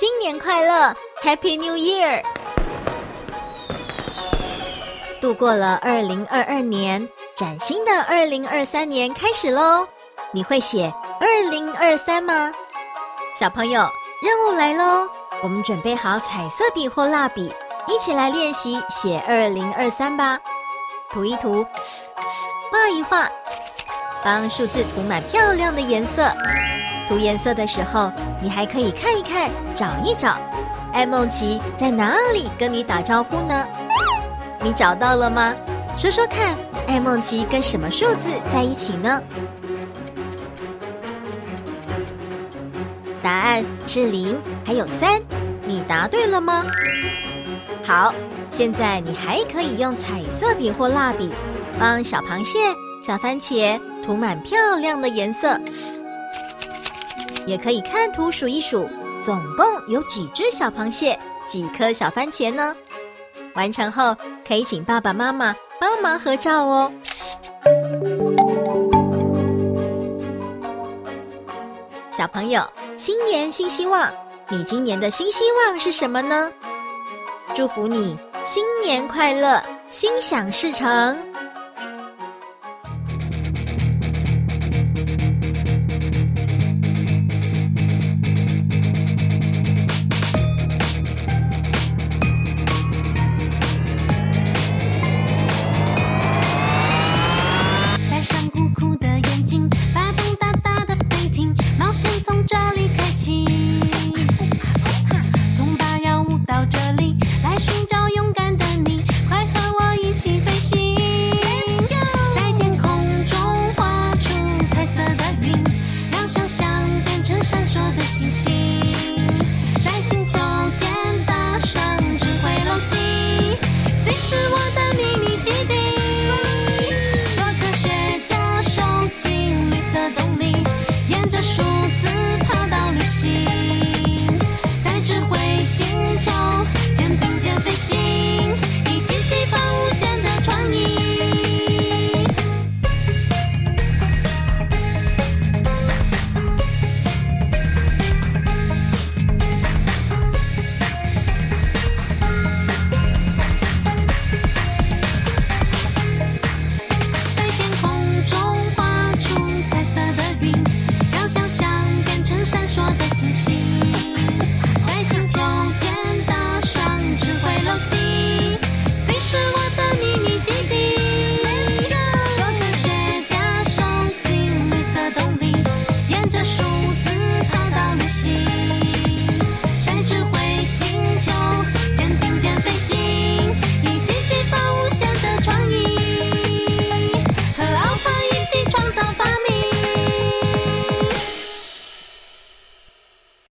新年快樂，Happy New Year！度過了二零二二年，嶄新的二零二三年開始嘍！你會寫二零二三嗎？小朋友，任務來嘍！我們準備好彩色筆或蠟筆，一起來練習寫二零二三吧！塗一塗，畫一畫，幫數字塗滿漂亮的顏色。塗顏色的時候，你還可以看一看、找一找，愛孟奇在哪裡跟你打招呼呢？你找到了嗎？說說看，愛孟奇跟什麼數字在一起呢？答案是零，還有三。你答對了嗎？好，現在你還可以用彩色筆或蠟筆，幫小螃蟹、小番茄塗滿漂亮的顏色。也可以看圖數一數，總共有幾隻小螃蟹，幾顆小番茄呢？完成後可以請爸爸媽媽幫忙合照哦。小朋友，新年新希望，你今年的新希望是什麼呢？祝福你，新年快樂，心想事成。